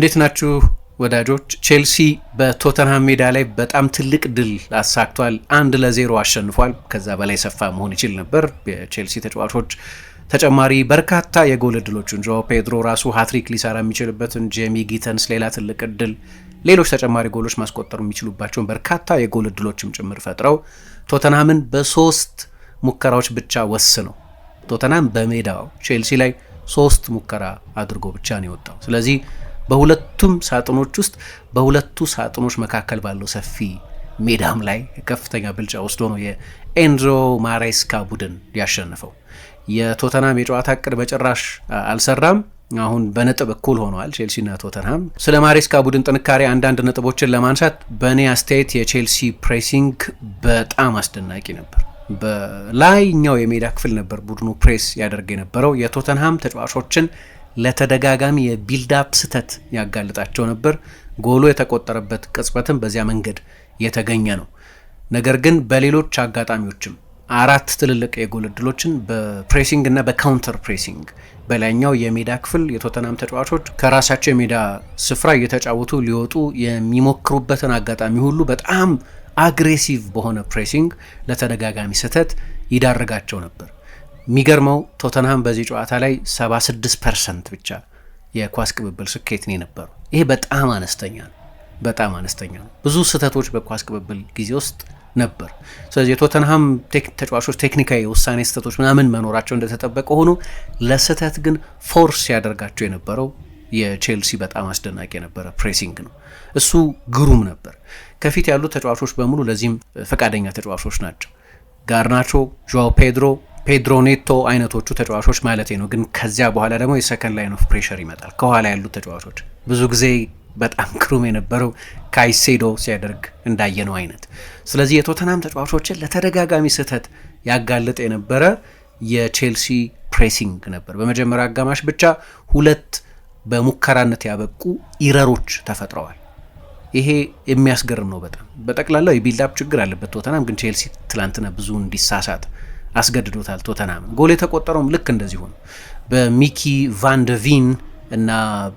እንዴት ናችሁ ወዳጆች? ቼልሲ በቶተንሃም ሜዳ ላይ በጣም ትልቅ ድል አሳክቷል። አንድ ለዜሮ አሸንፏል። ከዛ በላይ ሰፋ መሆን ይችል ነበር። የቼልሲ ተጫዋቾች ተጨማሪ በርካታ የጎል እድሎችን ጆ ፔድሮ ራሱ ሀትሪክ ሊሰራ የሚችልበትን፣ ጄሚ ጊተንስ ሌላ ትልቅ እድል፣ ሌሎች ተጨማሪ ጎሎች ማስቆጠሩ የሚችሉባቸውን በርካታ የጎል እድሎችም ጭምር ፈጥረው ቶተንሃምን በሶስት ሙከራዎች ብቻ ወስነው ቶተንሃም በሜዳው ቼልሲ ላይ ሶስት ሙከራ አድርጎ ብቻ ነው የወጣው። ስለዚህ በሁለቱም ሳጥኖች ውስጥ በሁለቱ ሳጥኖች መካከል ባለው ሰፊ ሜዳም ላይ ከፍተኛ ብልጫ ወስዶ ነው የኤንዞ ማሬስካ ቡድን ያሸነፈው። የቶተናም የጨዋታ እቅድ በጭራሽ አልሰራም። አሁን በነጥብ እኩል ሆነዋል ቼልሲና ቶተንሃም። ስለ ማሬስካ ቡድን ጥንካሬ አንዳንድ ነጥቦችን ለማንሳት በእኔ አስተያየት የቼልሲ ፕሬሲንግ በጣም አስደናቂ ነበር። በላይኛው የሜዳ ክፍል ነበር ቡድኑ ፕሬስ ያደርግ የነበረው። የቶተንሃም ተጫዋቾችን ለተደጋጋሚ የቢልዳፕ ስህተት ያጋልጣቸው ነበር። ጎሎ የተቆጠረበት ቅጽበትም በዚያ መንገድ የተገኘ ነው። ነገር ግን በሌሎች አጋጣሚዎችም አራት ትልልቅ የጎል እድሎችን በፕሬሲንግ እና በካውንተር ፕሬሲንግ በላይኛው የሜዳ ክፍል የቶተናም ተጫዋቾች ከራሳቸው የሜዳ ስፍራ እየተጫወቱ ሊወጡ የሚሞክሩበትን አጋጣሚ ሁሉ በጣም አግሬሲቭ በሆነ ፕሬሲንግ ለተደጋጋሚ ስህተት ይዳርጋቸው ነበር። የሚገርመው ቶተንሃም በዚህ ጨዋታ ላይ 76 ፐርሰንት ብቻ የኳስ ቅብብል ስኬት ነው የነበረው። ይሄ በጣም አነስተኛ ነው፣ በጣም አነስተኛ ነው። ብዙ ስህተቶች በኳስ ቅብብል ጊዜ ውስጥ ነበር። ስለዚህ የቶተንሃም ተጫዋቾች ቴክኒካዊ የውሳኔ ስህተቶች ምናምን መኖራቸው እንደተጠበቀ ሆኖ ለስህተት ግን ፎርስ ያደርጋቸው የነበረው የቼልሲ በጣም አስደናቂ የነበረ ፕሬሲንግ ነው። እሱ ግሩም ነበር። ከፊት ያሉት ተጫዋቾች በሙሉ ለዚህም ፈቃደኛ ተጫዋቾች ናቸው። ጋርናቾ፣ ጆዋው ፔድሮ ፔድሮ ኔቶ አይነቶቹ ተጫዋቾች ማለት ነው። ግን ከዚያ በኋላ ደግሞ የሰከንድ ላይን ኦፍ ፕሬሸር ይመጣል። ከኋላ ያሉት ተጫዋቾች ብዙ ጊዜ በጣም ክሩም የነበረው ካይሴዶ ሲያደርግ እንዳየነው አይነት። ስለዚህ የቶተናም ተጫዋቾችን ለተደጋጋሚ ስህተት ያጋልጥ የነበረ የቼልሲ ፕሬሲንግ ነበር። በመጀመሪያ አጋማሽ ብቻ ሁለት በሙከራነት ያበቁ ኢረሮች ተፈጥረዋል። ይሄ የሚያስገርም ነው በጣም በጠቅላላው የቢልዳፕ ችግር አለበት ቶተናም። ግን ቼልሲ ትላንትና ብዙ እንዲሳሳት አስገድዶታል ቶተናም። ጎል የተቆጠረውም ልክ እንደዚሁ ነው። በሚኪ ቫንደቪን እና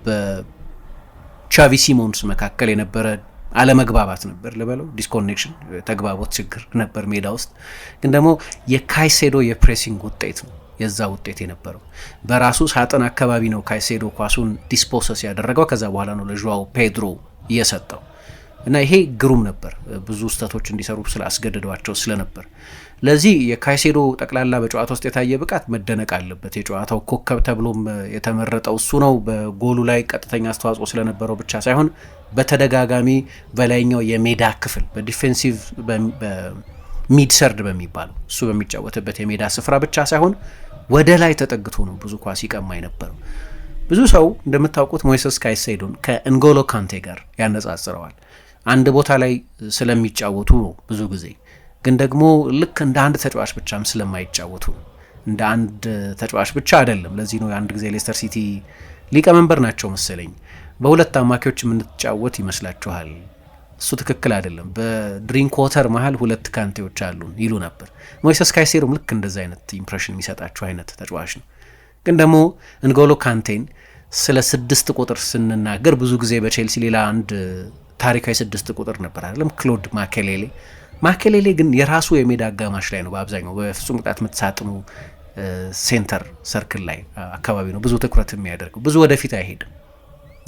በቻቪ ሲሞንስ መካከል የነበረ አለመግባባት ነበር ልበለው፣ ዲስኮኔክሽን ተግባቦት ችግር ነበር ሜዳ ውስጥ። ግን ደግሞ የካይሴዶ የፕሬሲንግ ውጤት ነው የዛ ውጤት የነበረው። በራሱ ሳጥን አካባቢ ነው ካይሴዶ ኳሱን ዲስፖሰስ ያደረገው። ከዛ በኋላ ነው ለዋው ፔድሮ እየሰጠው እና ይሄ ግሩም ነበር። ብዙ ስህተቶች እንዲሰሩ ስለ አስገድደዋቸው ስለነበር ለዚህ የካይሴዶ ጠቅላላ በጨዋታ ውስጥ የታየ ብቃት መደነቅ አለበት። የጨዋታው ኮከብ ተብሎም የተመረጠው እሱ ነው። በጎሉ ላይ ቀጥተኛ አስተዋጽኦ ስለነበረው ብቻ ሳይሆን በተደጋጋሚ በላይኛው የሜዳ ክፍል በዲፌንሲቭ ሚድሰርድ በሚባለው እሱ በሚጫወትበት የሜዳ ስፍራ ብቻ ሳይሆን ወደ ላይ ተጠግቶ ነው ብዙ ኳስ ይቀማ የነበረው። ብዙ ሰው እንደምታውቁት ሞይሰስ ካይሴዶን ከእንጎሎ ካንቴ ጋር ያነጻጽረዋል። አንድ ቦታ ላይ ስለሚጫወቱ ነው ብዙ ጊዜ ግን ደግሞ ልክ እንደ አንድ ተጫዋች ብቻም ስለማይጫወቱ እንደ አንድ ተጫዋች ብቻ አይደለም። ለዚህ ነው የአንድ ጊዜ ሌስተር ሲቲ ሊቀመንበር ናቸው መሰለኝ በሁለት አማካዮች የምንትጫወት ይመስላችኋል? እሱ ትክክል አይደለም፣ በድሪንክ ዋተር መሀል ሁለት ካንቴዎች አሉን ይሉ ነበር። ሞይሰስ ካይሴሩም ልክ እንደዚ አይነት ኢምፕሬሽን የሚሰጣችሁ አይነት ተጫዋች ነው። ግን ደግሞ እንጎሎ ካንቴን ስለ ስድስት ቁጥር ስንናገር ብዙ ጊዜ በቼልሲ ሌላ አንድ ታሪካዊ ስድስት ቁጥር ነበር አይደለም ክሎድ ማኬሌሌ ማከሌሌ ግን የራሱ የሜዳ አጋማሽ ላይ ነው በአብዛኛው በፍጹም ቅጣት የምትሳጥኑ ሴንተር ሰርክል ላይ አካባቢ ነው ብዙ ትኩረት የሚያደርገው። ብዙ ወደፊት አይሄድም።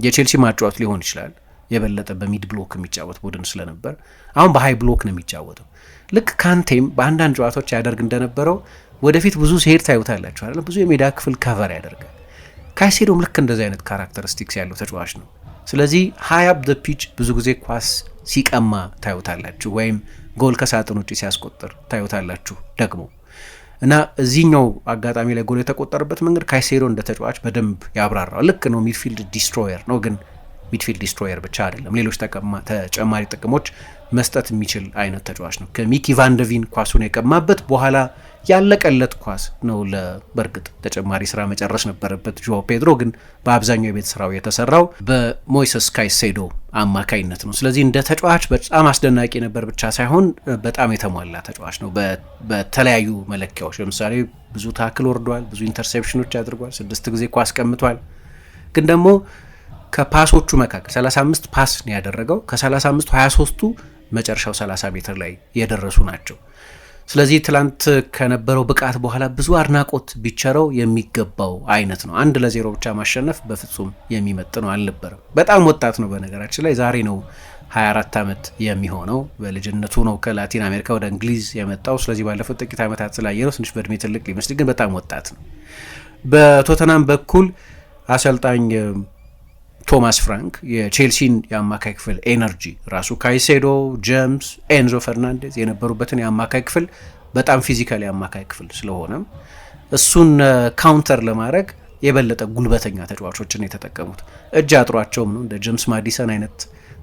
የቼልሲ ማጫወት ሊሆን ይችላል የበለጠ በሚድ ብሎክ የሚጫወት ቡድን ስለነበር አሁን በሀይ ብሎክ ነው የሚጫወተው። ልክ ካንቴም በአንዳንድ ጨዋታዎች ያደርግ እንደነበረው ወደፊት ብዙ ሲሄድ ታዩታላችሁ አለ ብዙ የሜዳ ክፍል ከቨር ያደርጋል። ካይሴዶም ልክ እንደዚህ አይነት ካራክተሪስቲክስ ያለው ተጫዋች ነው። ስለዚህ ሀይ አፕ ፒች ብዙ ጊዜ ኳስ ሲቀማ ታዩታላችሁ፣ ወይም ጎል ከሳጥን ውጭ ሲያስቆጥር ታዩታላችሁ ደግሞ እና እዚህኛው አጋጣሚ ላይ ጎል የተቆጠረበት መንገድ ካይሴዶ እንደ ተጫዋች በደንብ ያብራራዋል። ልክ ነው፣ ሚድፊልድ ዲስትሮየር ነው፣ ግን ሚድፊልድ ዲስትሮየር ብቻ አይደለም፣ ሌሎች ተጨማሪ ጥቅሞች መስጠት የሚችል አይነት ተጫዋች ነው። ከሚኪ ቫንደቪን ኳሱን የቀማበት በኋላ ያለቀለት ኳስ ነው። በእርግጥ ተጨማሪ ስራ መጨረስ ነበረበት ጆ ፔድሮ፣ ግን በአብዛኛው የቤት ስራው የተሰራው በሞይሰስ ካይሴዶ አማካይነት ነው። ስለዚህ እንደ ተጫዋች በጣም አስደናቂ ነበር ብቻ ሳይሆን በጣም የተሟላ ተጫዋች ነው በተለያዩ መለኪያዎች። ለምሳሌ ብዙ ታክል ወርዷል፣ ብዙ ኢንተርሴፕሽኖች አድርጓል፣ ስድስት ጊዜ ኳስ ቀምቷል። ግን ደግሞ ከፓሶቹ መካከል 35 ፓስ ነው ያደረገው። ከ35 23ቱ መጨረሻው 30 ሜትር ላይ የደረሱ ናቸው። ስለዚህ ትላንት ከነበረው ብቃት በኋላ ብዙ አድናቆት ቢቸረው የሚገባው አይነት ነው። አንድ ለዜሮ ብቻ ማሸነፍ በፍጹም ነው አልነበረም። በጣም ወጣት ነው። በነገራችን ላይ ዛሬ ነው 24 ዓመት የሚሆነው። በልጅነቱ ነው ከላቲን አሜሪካ ወደ እንግሊዝ የመጣው። ስለዚህ ባለፉት ጥቂት ዓመታት ስላየ ነው ትንሽ በእድሜ ትልቅ ሊመስል፣ ግን በጣም ወጣት ነው። በቶተናም በኩል አሰልጣኝ ቶማስ ፍራንክ የቼልሲን የአማካይ ክፍል ኤነርጂ ራሱ ካይሴዶ፣ ጀምስ፣ ኤንዞ ፈርናንዴዝ የነበሩበትን የአማካይ ክፍል በጣም ፊዚካል የአማካይ ክፍል ስለሆነም እሱን ካውንተር uh, ለማድረግ የበለጠ ጉልበተኛ ተጫዋቾችን የተጠቀሙት እጅ አጥሯቸውም ነው። እንደ ጀምስ ማዲሰን አይነት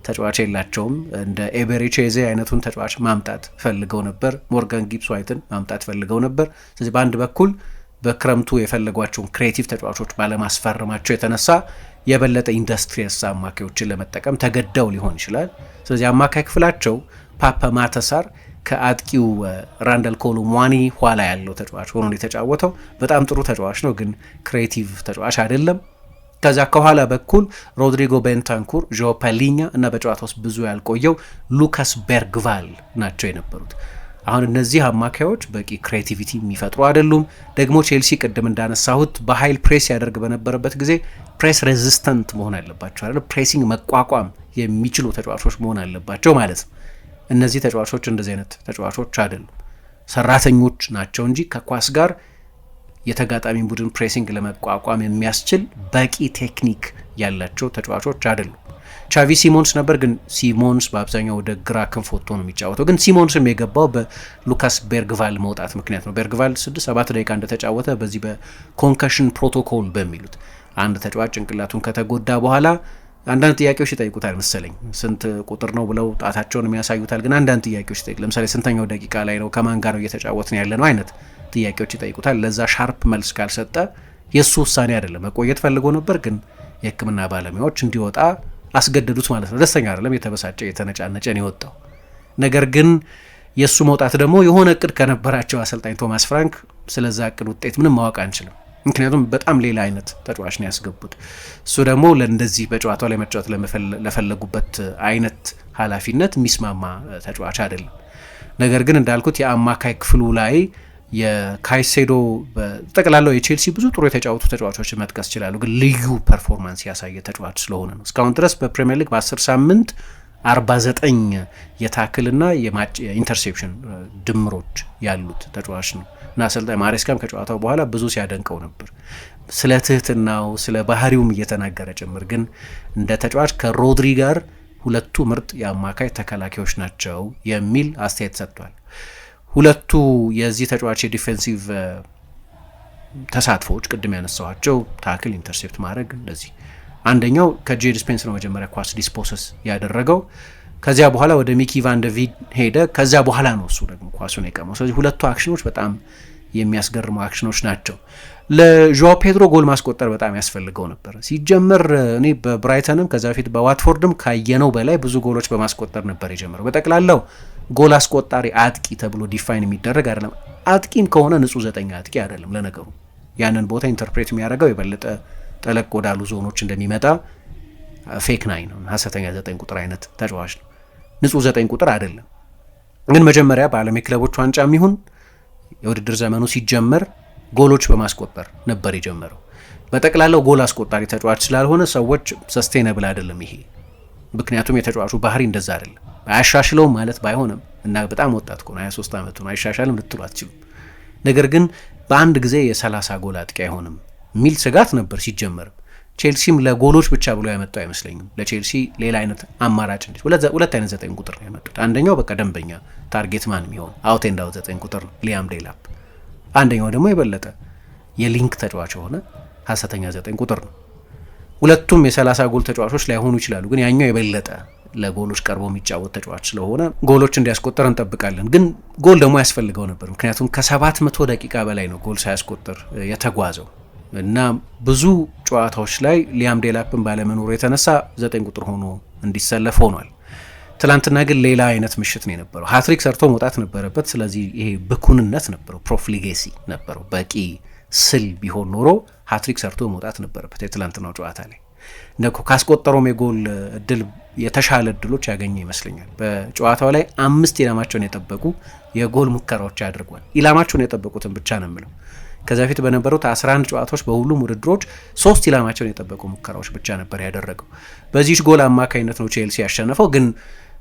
ተጫዋች የላቸውም። እንደ ኤቤሬቼዜ አይነቱን ተጫዋች ማምጣት ፈልገው ነበር። ሞርጋን ጊብስ ዋይትን ማምጣት ፈልገው ነበር። ስለዚህ በአንድ በኩል በክረምቱ የፈለጓቸውን ክሬቲቭ ተጫዋቾች ባለማስፈረማቸው የተነሳ የበለጠ ኢንዱስትሪየስ አማካዮችን ለመጠቀም ተገደው ሊሆን ይችላል። ስለዚህ አማካይ ክፍላቸው ፓፓ ማተሳር ከአጥቂው ራንደል ሟኒ ኋላ ያለው ተጫዋች ሆኖ የተጫወተው በጣም ጥሩ ተጫዋች ነው፣ ግን ክሬቲቭ ተጫዋች አይደለም። ከዛ ከኋላ በኩል ሮድሪጎ ቤንታንኩር፣ ዦ ፓሊኛ እና በጨዋታ ውስጥ ብዙ ያልቆየው ሉካስ ቤርግቫል ናቸው የነበሩት። አሁን እነዚህ አማካዮች በቂ ክሬቲቪቲ የሚፈጥሩ አይደሉም። ደግሞ ቼልሲ ቅድም እንዳነሳሁት በኃይል ፕሬስ ያደርግ በነበረበት ጊዜ ፕሬስ ሬዚስተንት መሆን አለባቸው አይደል? ፕሬሲንግ መቋቋም የሚችሉ ተጫዋቾች መሆን አለባቸው ማለት ነው። እነዚህ ተጫዋቾች እንደዚህ አይነት ተጫዋቾች አይደሉም። ሰራተኞች ናቸው እንጂ ከኳስ ጋር የተጋጣሚ ቡድን ፕሬሲንግ ለመቋቋም የሚያስችል በቂ ቴክኒክ ያላቸው ተጫዋቾች አይደሉም። ቻቪ ሲሞንስ ነበር፣ ግን ሲሞንስ በአብዛኛው ወደ ግራ ክንፍ ወጥቶ ነው የሚጫወተው። ግን ሲሞንስም የገባው በሉካስ ቤርግቫል መውጣት ምክንያት ነው። ቤርግቫል ስድስት ሰባት ደቂቃ እንደተጫወተ በዚህ በኮንከሽን ፕሮቶኮል በሚሉት አንድ ተጫዋች ጭንቅላቱን ከተጎዳ በኋላ አንዳንድ ጥያቄዎች ይጠይቁታል መሰለኝ። ስንት ቁጥር ነው ብለው ጣታቸውን የሚያሳዩታል። ግን አንዳንድ ጥያቄዎች ይጠይቅ፣ ለምሳሌ ስንተኛው ደቂቃ ላይ ነው፣ ከማን ጋር ነው ያለ ነው አይነት ጥያቄዎች ይጠይቁታል። ለዛ ሻርፕ መልስ ካልሰጠ የእሱ ውሳኔ አይደለም። መቆየት ፈልጎ ነበር፣ ግን የሕክምና ባለሙያዎች እንዲወጣ አስገደዱት ማለት ነው። ደስተኛ አይደለም። የተበሳጨ የተነጫነጨ ነው የወጣው። ነገር ግን የእሱ መውጣት ደግሞ የሆነ እቅድ ከነበራቸው አሰልጣኝ ቶማስ ፍራንክ ስለዛ እቅድ ውጤት ምንም ማወቅ አንችልም። ምክንያቱም በጣም ሌላ አይነት ተጫዋች ነው ያስገቡት። እሱ ደግሞ ለእንደዚህ በጨዋታው ላይ መጫወት ለፈለጉበት አይነት ኃላፊነት የሚስማማ ተጫዋች አይደለም። ነገር ግን እንዳልኩት የአማካይ ክፍሉ ላይ የካይሴዶ ጠቅላላው የቼልሲ ብዙ ጥሩ የተጫወቱ ተጫዋቾችን መጥቀስ ይችላሉ፣ ግን ልዩ ፐርፎርማንስ ያሳየ ተጫዋች ስለሆነ ነው። እስካሁን ድረስ በፕሪሚየር ሊግ በ 1 ሳምንት 49 የታክልና የኢንተርሴፕሽን ድምሮች ያሉት ተጫዋች ነው እና አሰልጣኝ ማሬስካም ከጨዋታው በኋላ ብዙ ሲያደንቀው ነበር ስለ ትህትናው ስለ ባህሪውም እየተናገረ ጭምር። ግን እንደ ተጫዋች ከሮድሪ ጋር ሁለቱ ምርጥ የአማካይ ተከላካዮች ናቸው የሚል አስተያየት ሰጥቷል። ሁለቱ የዚህ ተጫዋች የዲፌንሲቭ ተሳትፎዎች ቅድም ያነሳዋቸው ታክል፣ ኢንተርሴፕት ማድረግ እንደዚህ አንደኛው ከጄድ ስፔንስ ነው መጀመሪያ ኳስ ዲስፖሰስ ያደረገው። ከዚያ በኋላ ወደ ሚኪ ቫንደቪድ ሄደ። ከዚያ በኋላ ነው እሱ ደግሞ ኳሱን የቀመው። ስለዚህ ሁለቱ አክሽኖች በጣም የሚያስገርሙ አክሽኖች ናቸው። ለዦ ፔድሮ ጎል ማስቆጠር በጣም ያስፈልገው ነበር። ሲጀመር እኔ በብራይተንም ከዚ በፊት በዋትፎርድም ካየነው በላይ ብዙ ጎሎች በማስቆጠር ነበር የጀመረው በጠቅላላው ጎል አስቆጣሪ አጥቂ ተብሎ ዲፋይን የሚደረግ አይደለም። አጥቂም ከሆነ ንጹህ ዘጠኝ አጥቂ አይደለም። ለነገሩ ያንን ቦታ ኢንተርፕሬት የሚያደርገው የበለጠ ጠለቅ ወዳሉ ዞኖች እንደሚመጣ ፌክ ናይ ነው፣ ሀሰተኛ ዘጠኝ ቁጥር አይነት ተጫዋች ነው። ንጹህ ዘጠኝ ቁጥር አይደለም። ግን መጀመሪያ በዓለም የክለቦች ዋንጫ የሚሆን የውድድር ዘመኑ ሲጀመር ጎሎች በማስቆጠር ነበር የጀመረው። በጠቅላላው ጎል አስቆጣሪ ተጫዋች ስላልሆነ ሰዎች ሰስቴነብል አይደለም ይሄ። ምክንያቱም የተጫዋቹ ባህሪ እንደዛ አይደለም። አያሻሽለውም ማለት ባይሆንም እና በጣም ወጣት ከሆነ 23 ዓመቱን አይሻሻልም ልትሉ አትችሉም። ነገር ግን በአንድ ጊዜ የ30 ጎል አጥቂ አይሆንም የሚል ስጋት ነበር ሲጀመርም። ቼልሲም ለጎሎች ብቻ ብሎ ያመጡ አይመስለኝም። ለቼልሲ ሌላ አይነት አማራጭ እንዲ ሁለት አይነት ዘጠኝ ቁጥር ነው ያመጡት። አንደኛው በቃ ደንበኛ ታርጌት ማን የሚሆን አውት ኤንድ አውት ዘጠኝ ቁጥር ነው ሊያም ዴላፕ፣ አንደኛው ደግሞ የበለጠ የሊንክ ተጫዋች የሆነ ሀሰተኛ ዘጠኝ ቁጥር ነው። ሁለቱም የ30 ጎል ተጫዋቾች ላይሆኑ ይችላሉ፣ ግን ያኛው የበለጠ ለጎሎች ቀርቦ የሚጫወት ተጫዋች ስለሆነ ጎሎች እንዲያስቆጠር እንጠብቃለን። ግን ጎል ደግሞ ያስፈልገው ነበር፣ ምክንያቱም ከሰባት መቶ ደቂቃ በላይ ነው ጎል ሳያስቆጥር የተጓዘው እና ብዙ ጨዋታዎች ላይ ሊያም ዴላፕን ባለመኖሩ የተነሳ ዘጠኝ ቁጥር ሆኖ እንዲሰለፍ ሆኗል። ትላንትና ግን ሌላ አይነት ምሽት ነው የነበረው። ሀትሪክ ሰርቶ መውጣት ነበረበት። ስለዚህ ይሄ ብኩንነት ነበረው፣ ፕሮፍሊጌሲ ነበረው። በቂ ስል ቢሆን ኖሮ ሀትሪክ ሰርቶ መውጣት ነበረበት የትላንትናው ጨዋታ ላይ ካስቆጠረውም የጎል እድል የተሻለ እድሎች ያገኘ ይመስለኛል። በጨዋታው ላይ አምስት ኢላማቸውን የጠበቁ የጎል ሙከራዎች አድርጓል። ኢላማቸውን የጠበቁትን ብቻ ነው የምለው። ከዚያ በፊት በነበሩት 11 ጨዋታዎች በሁሉም ውድድሮች ሶስት ኢላማቸውን የጠበቁ ሙከራዎች ብቻ ነበር ያደረገው። በዚህ ጎል አማካኝነት ነው ቼልሲ ያሸነፈው። ግን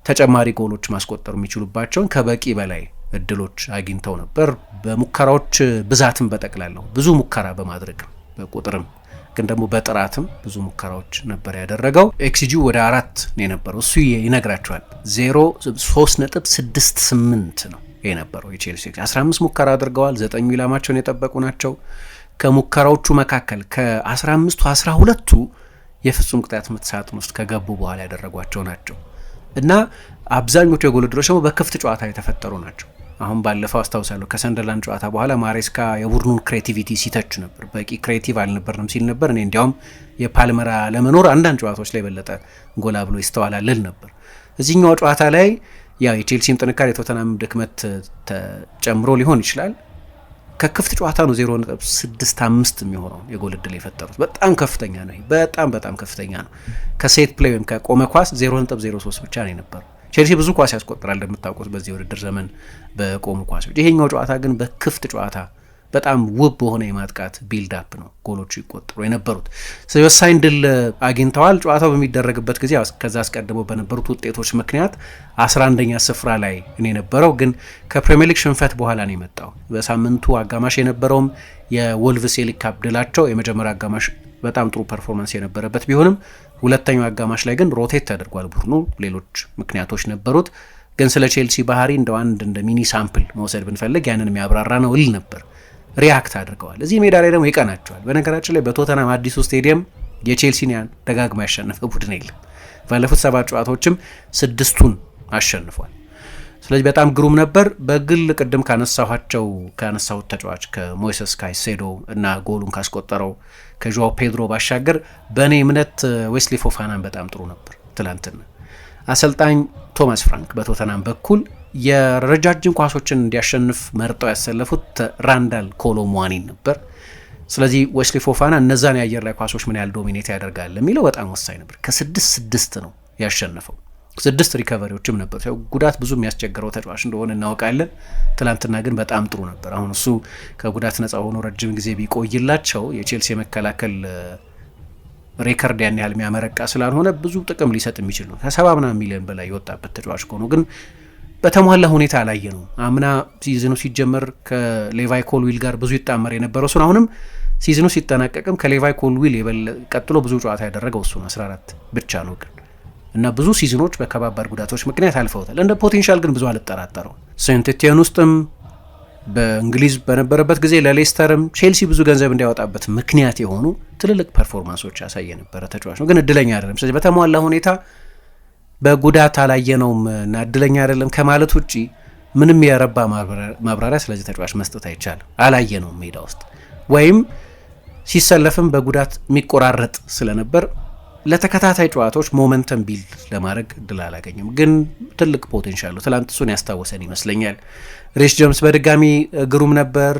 ተጨማሪ ጎሎች ማስቆጠሩ የሚችሉባቸውን ከበቂ በላይ እድሎች አግኝተው ነበር። በሙከራዎች ብዛትም በጠቅላላው ብዙ ሙከራ በማድረግ በቁጥርም ግን ደግሞ በጥራትም ብዙ ሙከራዎች ነበር ያደረገው። ኤክስጂ ወደ አራት ነው የነበረው። እሱ ይነግራቸዋል። ዜሮ ሶስት ነጥብ ስድስት ስምንት ነው የነበረው የቼልሲ ኤክስጂ። 15 ሙከራ አድርገዋል። ዘጠኙ ኢላማቸውን የጠበቁ ናቸው። ከሙከራዎቹ መካከል ከአስራ 15 አስራ ሁለቱ የፍጹም ቅጣት ምት ሳጥን ውስጥ ከገቡ በኋላ ያደረጓቸው ናቸው እና አብዛኞቹ የጎል ዕድሎች ደግሞ በክፍት ጨዋታ የተፈጠሩ ናቸው። አሁን ባለፈው አስታውሳለሁ ከሰንደርላንድ ጨዋታ በኋላ ማሬስካ የቡድኑን ክሬቲቪቲ ሲተች ነበር። በቂ ክሬቲቭ አልነበርንም ሲል ነበር። እኔ እንዲያውም የፓልመራ ለመኖር አንዳንድ ጨዋታዎች ላይ የበለጠ ጎላ ብሎ ይስተዋላልል ነበር። እዚህኛው ጨዋታ ላይ ያው የቼልሲም ጥንካሬ የቶተናም ድክመት ተጨምሮ ሊሆን ይችላል። ከክፍት ጨዋታ ነው አምስት የሚሆነው የጎል እድል የፈጠሩት በጣም ከፍተኛ ነው። በጣም በጣም ከፍተኛ ነው። ከሴት ፕሌይ ወይም ከቆመ ኳስ ሶስት ብቻ ነው የነበረው። ቼልሲ ብዙ ኳስ ያስቆጥራል እንደምታውቁት በዚህ ውድድር ዘመን በቆሙ ኳሶች። ይሄኛው ጨዋታ ግን በክፍት ጨዋታ በጣም ውብ በሆነ የማጥቃት ቢልድ አፕ ነው ጎሎቹ ይቆጠሩ የነበሩት። ወሳኝ ድል አግኝተዋል። ጨዋታው በሚደረግበት ጊዜ ከዛ አስቀድሞ በነበሩት ውጤቶች ምክንያት 11ኛ ስፍራ ላይ እኔ የነበረው፣ ግን ከፕሪሚየር ሊግ ሽንፈት በኋላ ነው የመጣው። በሳምንቱ አጋማሽ የነበረውም የወልቭስ የሊግ ካፕ ድላቸው የመጀመሪያ አጋማሽ በጣም ጥሩ ፐርፎርማንስ የነበረበት ቢሆንም ሁለተኛው አጋማሽ ላይ ግን ሮቴት ተደርጓል ቡድኑ። ሌሎች ምክንያቶች ነበሩት፣ ግን ስለ ቼልሲ ባህሪ እንደ አንድ እንደ ሚኒ ሳምፕል መውሰድ ብንፈልግ ያንን የሚያብራራ ነው እል ነበር። ሪያክት አድርገዋል። እዚህ ሜዳ ላይ ደግሞ ይቀናቸዋል። በነገራችን ላይ በቶተናም አዲሱ ስቴዲየም የቼልሲን ያን ያሸነፈ ቡድን የለም። ባለፉት ሰባት ጨዋታዎችም ስድስቱን አሸንፏል። ስለዚህ በጣም ግሩም ነበር። በግል ቅድም ካነሳኋቸው ካነሳሁት ተጫዋች ከሞይሰስ ካይሴዶ እና ጎሉን ካስቆጠረው ከዣዋ ፔድሮ ባሻገር በእኔ እምነት ዌስሊ ፎፋናን በጣም ጥሩ ነበር ትላንትና። አሰልጣኝ ቶማስ ፍራንክ በቶተናም በኩል የረጃጅም ኳሶችን እንዲያሸንፍ መርጠው ያሰለፉት ራንዳል ኮሎሙዋኒን ነበር። ስለዚህ ዌስሊ ፎፋና እነዛን የአየር ላይ ኳሶች ምን ያህል ዶሚኔት ያደርጋል የሚለው በጣም ወሳኝ ነበር። ከስድስት ስድስት ነው ያሸነፈው። ስድስት ሪከቨሪዎችም ነበሩ ያው ጉዳት ብዙ የሚያስቸግረው ተጫዋች እንደሆነ እናውቃለን። ትላንትና ግን በጣም ጥሩ ነበር። አሁን እሱ ከጉዳት ነፃ ሆኖ ረጅም ጊዜ ቢቆይላቸው የቼልሲ የመከላከል ሬከርድ ያን ያህል የሚያመረቃ ስላልሆነ ብዙ ጥቅም ሊሰጥ የሚችል ነው። ከሰባ ምናምን ሚሊዮን በላይ የወጣበት ተጫዋች ከሆኑ ግን በተሟላ ሁኔታ አላየ ነው። አምና ሲዝኑ ሲጀመር ከሌቫይ ኮልዊል ጋር ብዙ ይጣመር የነበረው እሱን አሁንም ሲዝኑ ሲጠናቀቅም ከሌቫይ ኮልዊል ቀጥሎ ብዙ ጨዋታ ያደረገው እሱን 14 ብቻ ነው ግን እና ብዙ ሲዝኖች በከባባድ ጉዳቶች ምክንያት አልፈውታል። እንደ ፖቴንሻል ግን ብዙ አልጠራጠረው። ሴንቴቲያን ውስጥም በእንግሊዝ በነበረበት ጊዜ ለሌስተርም ቼልሲ ብዙ ገንዘብ እንዲያወጣበት ምክንያት የሆኑ ትልልቅ ፐርፎርማንሶች ያሳየ የነበረ ተጫዋች ነው፣ ግን እድለኛ አይደለም። ስለዚህ በተሟላ ሁኔታ በጉዳት አላየነውም እና እድለኛ አይደለም ከማለት ውጭ ምንም የረባ ማብራሪያ ስለዚህ ተጫዋች መስጠት አይቻልም። አላየነውም ሜዳ ውስጥ ወይም ሲሰለፍም በጉዳት የሚቆራረጥ ስለነበር ለተከታታይ ጨዋታዎች ሞመንተም ቢልድ ለማድረግ እድል አላገኘም፣ ግን ትልቅ ፖቴንሻል ነው። ትላንት እሱን ያስታወሰን ይመስለኛል። ሬስ ጀምስ በድጋሚ ግሩም ነበር።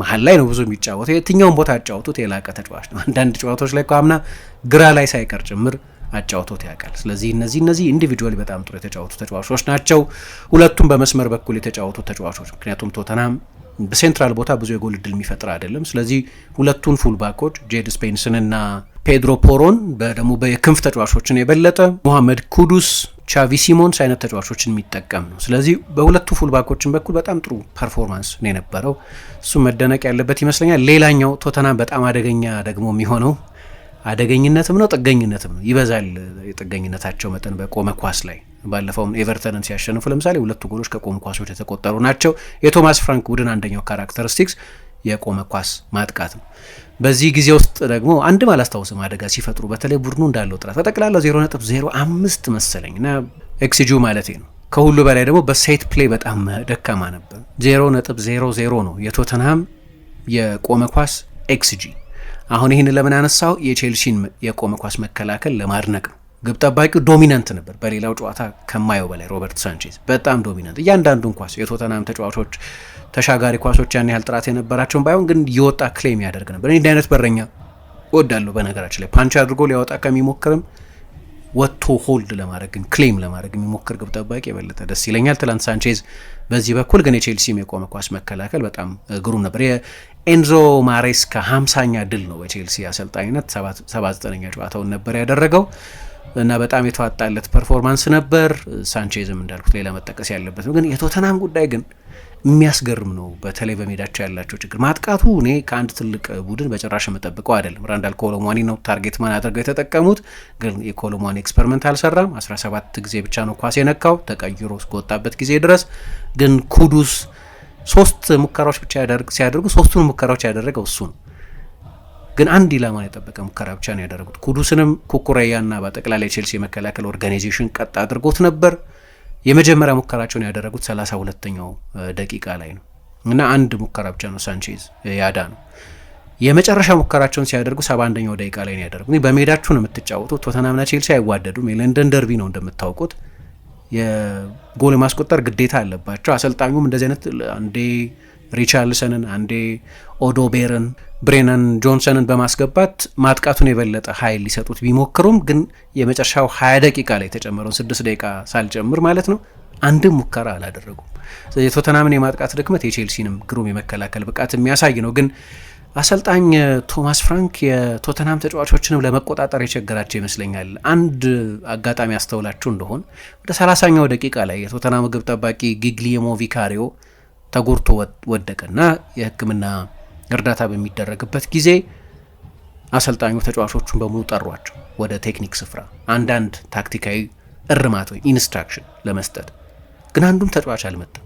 መሀል ላይ ነው ብዙ የሚጫወተው። የትኛውን ቦታ አጫወቱት የላቀ ተጫዋች ነው። አንዳንድ ጨዋታዎች ላይ አምና ግራ ላይ ሳይቀር ጭምር አጫውቶት ያውቃል። ስለዚህ እነዚህ እነዚህ ኢንዲቪጁዋሊ በጣም ጥሩ የተጫወቱ ተጫዋቾች ናቸው፣ ሁለቱም በመስመር በኩል የተጫወቱ ተጫዋቾች። ምክንያቱም ቶተናም በሴንትራል ቦታ ብዙ የጎል እድል የሚፈጥር አይደለም። ስለዚህ ሁለቱን ፉልባኮች ጄድ እና ፔድሮ ፖሮን በደግሞ የክንፍ ተጫዋቾችን የበለጠ ሙሐመድ ኩዱስ፣ ቻቪ ሲሞንስ አይነት ተጫዋቾችን የሚጠቀም ነው። ስለዚህ በሁለቱ ፉልባኮችን በኩል በጣም ጥሩ ፐርፎርማንስ ነው የነበረው። እሱ መደነቅ ያለበት ይመስለኛል። ሌላኛው ቶተናም በጣም አደገኛ ደግሞ የሚሆነው አደገኝነትም ነው ጥገኝነትም ነው። ይበዛል የጥገኝነታቸው መጠን በቆመ ኳስ ላይ። ባለፈውም ኤቨርተንን ሲያሸንፉ ለምሳሌ ሁለቱ ጎሎች ከቆመ ኳሶች የተቆጠሩ ናቸው። የቶማስ ፍራንክ ቡድን አንደኛው ካራክተሪስቲክስ የቆመ ኳስ ማጥቃት ነው። በዚህ ጊዜ ውስጥ ደግሞ አንድም አላስታውስም አደጋ ሲፈጥሩ በተለይ ቡድኑ እንዳለው ጥራት ዜሮ 0.05 መሰለኝ እና ኤክስጂው ማለቴ ነው። ከሁሉ በላይ ደግሞ በሴት ፕሌይ በጣም ደካማ ነበር። ዜሮ ነው የቶተንሃም የቆመ ኳስ ኤክስጂ አሁን ይህን ለምን አነሳው? የቼልሲን የቆመ ኳስ መከላከል ለማድነቅ ነው። ግብ ጠባቂው ዶሚናንት ነበር። በሌላው ጨዋታ ከማየው በላይ ሮበርት ሳንቼዝ በጣም ዶሚናንት፣ እያንዳንዱን ኳስ የቶተናም ተጫዋቾች ተሻጋሪ ኳሶች ያን ያህል ጥራት የነበራቸውን ባይሆን ግን የወጣ ክሌም ያደርግ ነበር። እንዲህ አይነት በረኛ እወዳለሁ። በነገራችን ላይ ፓንች አድርጎ ሊያወጣ ከሚሞክርም ወጥቶ ሆልድ ለማድረግ ግን ክሌም ለማድረግ የሚሞክር ግብ ጠባቂ የበለጠ ደስ ይለኛል። ትላንት ሳንቼዝ በዚህ በኩል ግን የቼልሲም የቆመ ኳስ መከላከል በጣም ግሩም ነበር። ኤንዞ ማሬስካ ሃምሳኛ ድል ነው በቼልሲ አሰልጣኝነት። 79ኛ ጨዋታውን ነበር ያደረገው እና በጣም የተዋጣለት ፐርፎርማንስ ነበር። ሳንቼዝም እንዳልኩት ሌላ መጠቀስ ያለበት ነው። ግን የቶተናም ጉዳይ ግን የሚያስገርም ነው። በተለይ በሜዳቸው ያላቸው ችግር ማጥቃቱ እኔ ከአንድ ትልቅ ቡድን በጭራሽ የምጠብቀው አይደለም። ራንዳል ኮሎሟኒ ነው ታርጌት ማን አድርገው የተጠቀሙት። ግን የኮሎሟኒ ኤክስፐሪመንት አልሰራም። 17 ጊዜ ብቻ ነው ኳስ የነካው ተቀይሮ እስከወጣበት ጊዜ ድረስ ግን ኩዱስ ሶስት ሙከራዎች ብቻ ሲያደርጉ ሶስቱን ሙከራዎች ያደረገው እሱ ነው። ግን አንድ ኢላማን የጠበቀ ሙከራ ብቻ ነው ያደረጉት። ኩዱስንም ኩኩሬያና በጠቅላላ ቼልሲ የመከላከል ኦርጋናይዜሽን ቀጥ አድርጎት ነበር። የመጀመሪያ ሙከራቸውን ያደረጉት ሰላሳ ሁለተኛው ደቂቃ ላይ ነው እና አንድ ሙከራ ብቻ ነው ሳንቼዝ ያዳ ነው። የመጨረሻ ሙከራቸውን ሲያደርጉ ሰባ አንደኛው ደቂቃ ላይ ነው ያደረጉት። በሜዳችሁ ነው የምትጫወቱት። ቶተናምና ቼልሲ አይዋደዱም። የለንደን ደርቢ ነው እንደምታውቁት የጎል የማስቆጠር ግዴታ አለባቸው። አሰልጣኙም እንደዚህ አይነት አንዴ ሪቻርልሰንን አንዴ ኦዶቤርን ብሬነን ጆንሰንን በማስገባት ማጥቃቱን የበለጠ ኃይል ሊሰጡት ቢሞክሩም ግን የመጨረሻው ሀያ ደቂቃ ላይ የተጨመረውን ስድስት ደቂቃ ሳልጨምር ማለት ነው አንድም ሙከራ አላደረጉም። የቶተናምን የማጥቃት ድክመት የቼልሲንም ግሩም የመከላከል ብቃት የሚያሳይ ነው ግን አሰልጣኝ ቶማስ ፍራንክ የቶተናም ተጫዋቾችንም ለመቆጣጠር የቸገራቸው ይመስለኛል። አንድ አጋጣሚ አስተውላችሁ እንደሆን ወደ ሰላሳኛው ደቂቃ ላይ የቶተንሃም ግብ ጠባቂ ጊግሊየሞ ቪካሪዮ ተጎድቶ ወደቀና የሕክምና እርዳታ በሚደረግበት ጊዜ አሰልጣኙ ተጫዋቾቹን በሙሉ ጠሯቸው ወደ ቴክኒክ ስፍራ አንዳንድ ታክቲካዊ እርማት ወይ ኢንስትራክሽን ለመስጠት ግን አንዱም ተጫዋች አልመጣም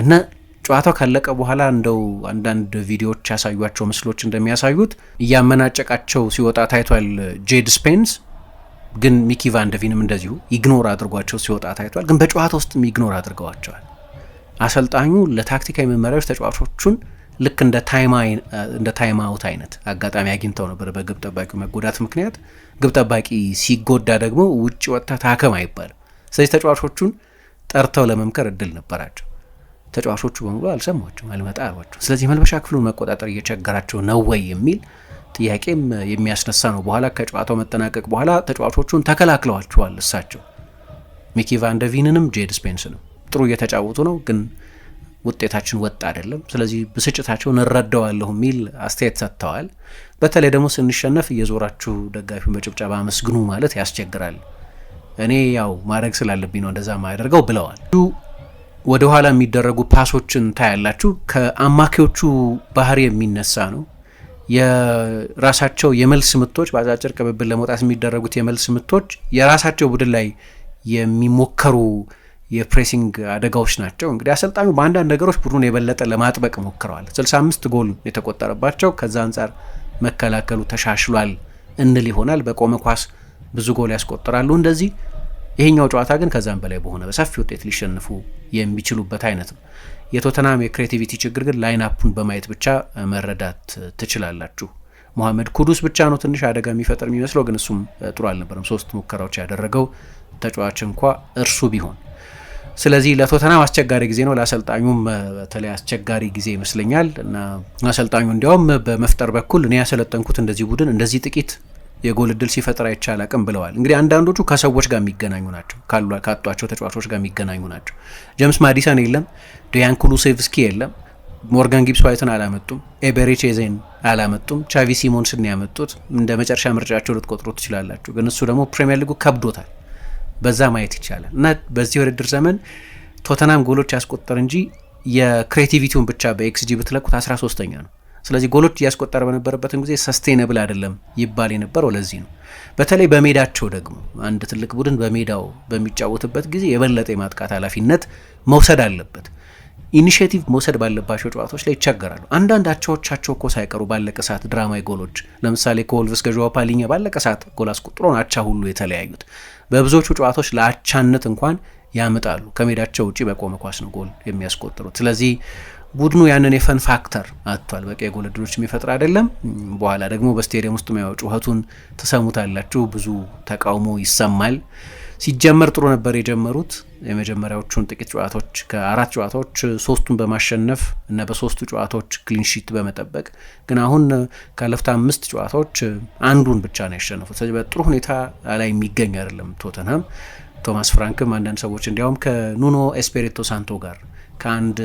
እና ጨዋታው ካለቀ በኋላ እንደው አንዳንድ ቪዲዮዎች ያሳዩቸው ምስሎች እንደሚያሳዩት እያመናጨቃቸው ሲወጣ ታይቷል። ጄድ ስፔንስ ግን ሚኪ ቫንደቪንም እንደዚሁ ኢግኖር አድርጓቸው ሲወጣ ታይቷል። ግን በጨዋታ ውስጥም ኢግኖር አድርገዋቸዋል። አሰልጣኙ ለታክቲካዊ መመሪያዎች ተጫዋቾቹን ልክ እንደ ታይም አውት አይነት አጋጣሚ አግኝተው ነበር። በግብ ጠባቂ መጎዳት ምክንያት ግብ ጠባቂ ሲጎዳ ደግሞ ውጭ ወጥታ ታከም አይባልም። ስለዚህ ተጫዋቾቹን ጠርተው ለመምከር እድል ነበራቸው። ተጫዋቾቹ በሙሉ አልሰማቸውም፣ አልመጣ አሏቸው። ስለዚህ መልበሻ ክፍሉን መቆጣጠር እየቸገራቸው ነው ወይ የሚል ጥያቄም የሚያስነሳ ነው። በኋላ ከጨዋታው መጠናቀቅ በኋላ ተጫዋቾቹን ተከላክለዋቸዋል። እሳቸው ሚኪ ቫንደቪንንም ጄድ ስፔንስንም ጥሩ እየተጫወቱ ነው፣ ግን ውጤታችን ወጥ አይደለም። ስለዚህ ብስጭታቸውን እረዳዋለሁ የሚል አስተያየት ሰጥተዋል። በተለይ ደግሞ ስንሸነፍ እየዞራችሁ ደጋፊውን በጭብጨባ አመስግኑ ማለት ያስቸግራል። እኔ ያው ማድረግ ስላለብኝ ነው እንደዛ ማያደርገው ብለዋል። ወደ ኋላ የሚደረጉ ፓሶችን ታያላችሁ። ከአማካዮቹ ባህሪ የሚነሳ ነው። የራሳቸው የመልስ ምቶች በአጫጭር ቅብብል ለመውጣት የሚደረጉት የመልስ ምቶች የራሳቸው ቡድን ላይ የሚሞከሩ የፕሬሲንግ አደጋዎች ናቸው። እንግዲህ አሰልጣኙ በአንዳንድ ነገሮች ቡድኑን የበለጠ ለማጥበቅ ሞክረዋል። 65 ጎል የተቆጠረባቸው ከዛ አንጻር መከላከሉ ተሻሽሏል እንል ይሆናል። በቆመ ኳስ ብዙ ጎል ያስቆጥራሉ እንደዚህ ይሄኛው ጨዋታ ግን ከዛም በላይ በሆነ በሰፊ ውጤት ሊሸንፉ የሚችሉበት አይነት ነው። የቶተናም የክሬቲቪቲ ችግር ግን ላይናፑን በማየት ብቻ መረዳት ትችላላችሁ። ሞሐመድ ኩዱስ ብቻ ነው ትንሽ አደጋ የሚፈጥር የሚመስለው፣ ግን እሱም ጥሩ አልነበረም። ሶስት ሙከራዎች ያደረገው ተጫዋች እንኳ እርሱ ቢሆን። ስለዚህ ለቶተናም አስቸጋሪ ጊዜ ነው፣ ለአሰልጣኙም በተለይ አስቸጋሪ ጊዜ ይመስለኛል እና አሰልጣኙ እንዲያውም በመፍጠር በኩል እኔ ያሰለጠንኩት እንደዚህ ቡድን እንደዚህ ጥቂት የጎል እድል ሲፈጠር አይቻል አቅም ብለዋል። እንግዲህ አንዳንዶቹ ከሰዎች ጋር የሚገናኙ ናቸው፣ ካጧቸው ተጫዋቾች ጋር የሚገናኙ ናቸው። ጀምስ ማዲሰን የለም፣ ዲያን ኩሉሴቭስኪ የለም፣ ሞርጋን ጊብስ ዋይትን አላመጡም፣ ኤቤሬቺ ኤዜን አላመጡም፣ ቻቪ ሲሞንስን ያመጡት እንደ መጨረሻ ምርጫቸው ልትቆጥሩ ትችላላችሁ። ግን እሱ ደግሞ ፕሪሚየር ሊጉ ከብዶታል፣ በዛ ማየት ይቻላል። እና በዚህ ውድድር ዘመን ቶተናም ጎሎች ያስቆጠር እንጂ የክሬቲቪቲውን ብቻ በኤክስጂ ብትለቁት 13ኛ ነው። ስለዚህ ጎሎች እያስቆጠረ በነበረበትን ጊዜ ሰስቴነብል አይደለም ይባል የነበረው ለዚህ ነው። በተለይ በሜዳቸው ደግሞ አንድ ትልቅ ቡድን በሜዳው በሚጫወትበት ጊዜ የበለጠ የማጥቃት ኃላፊነት መውሰድ አለበት። ኢኒሽቲቭ መውሰድ ባለባቸው ጨዋታዎች ላይ ይቸገራሉ። አንዳንድ አቻዎቻቸው እኮ ሳይቀሩ ባለቀ ሰዓት ድራማዊ ጎሎች፣ ለምሳሌ ከወልቭስ ከጆዋ ፓሊኛ ባለቀ ሰዓት ጎል አስቆጥሮን አቻ ሁሉ የተለያዩት በብዙዎቹ ጨዋታዎች ለአቻነት እንኳን ያምጣሉ። ከሜዳቸው ውጭ በቆመ ኳስ ነው ጎል የሚያስቆጥሩት። ስለዚህ ቡድኑ ያንን የፈን ፋክተር አጥቷል። በቂ የጎል እድሎች የሚፈጥር አይደለም። በኋላ ደግሞ በስቴዲየም ውስጥ ያው ጩኸቱን ትሰሙታላችሁ። ብዙ ተቃውሞ ይሰማል። ሲጀመር ጥሩ ነበር የጀመሩት የመጀመሪያዎቹን ጥቂት ጨዋታዎች ከአራት ጨዋታዎች ሶስቱን በማሸነፍ እና በሶስቱ ጨዋታዎች ክሊንሺት በመጠበቅ ግን አሁን ካለፉት አምስት ጨዋታዎች አንዱን ብቻ ነው ያሸነፉት። ስለዚህ በጥሩ ሁኔታ ላይ የሚገኝ አይደለም ቶተንሃም። ቶማስ ፍራንክም አንዳንድ ሰዎች እንዲያውም ከኑኖ ኤስፔሪቶ ሳንቶ ጋር ከአንድ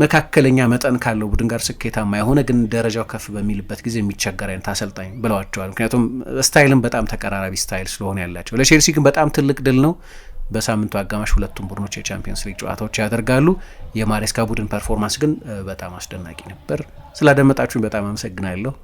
መካከለኛ መጠን ካለው ቡድን ጋር ስኬታማ የሆነ ግን ደረጃው ከፍ በሚልበት ጊዜ የሚቸገር አይነት አሰልጣኝ ብለዋቸዋል። ምክንያቱም ስታይልም በጣም ተቀራራቢ ስታይል ስለሆነ ያላቸው። ለቼልሲ ግን በጣም ትልቅ ድል ነው። በሳምንቱ አጋማሽ ሁለቱም ቡድኖች የቻምፒየንስ ሊግ ጨዋታዎች ያደርጋሉ። የማሬስካ ቡድን ፐርፎርማንስ ግን በጣም አስደናቂ ነበር። ስላደመጣችሁኝ በጣም አመሰግናለሁ።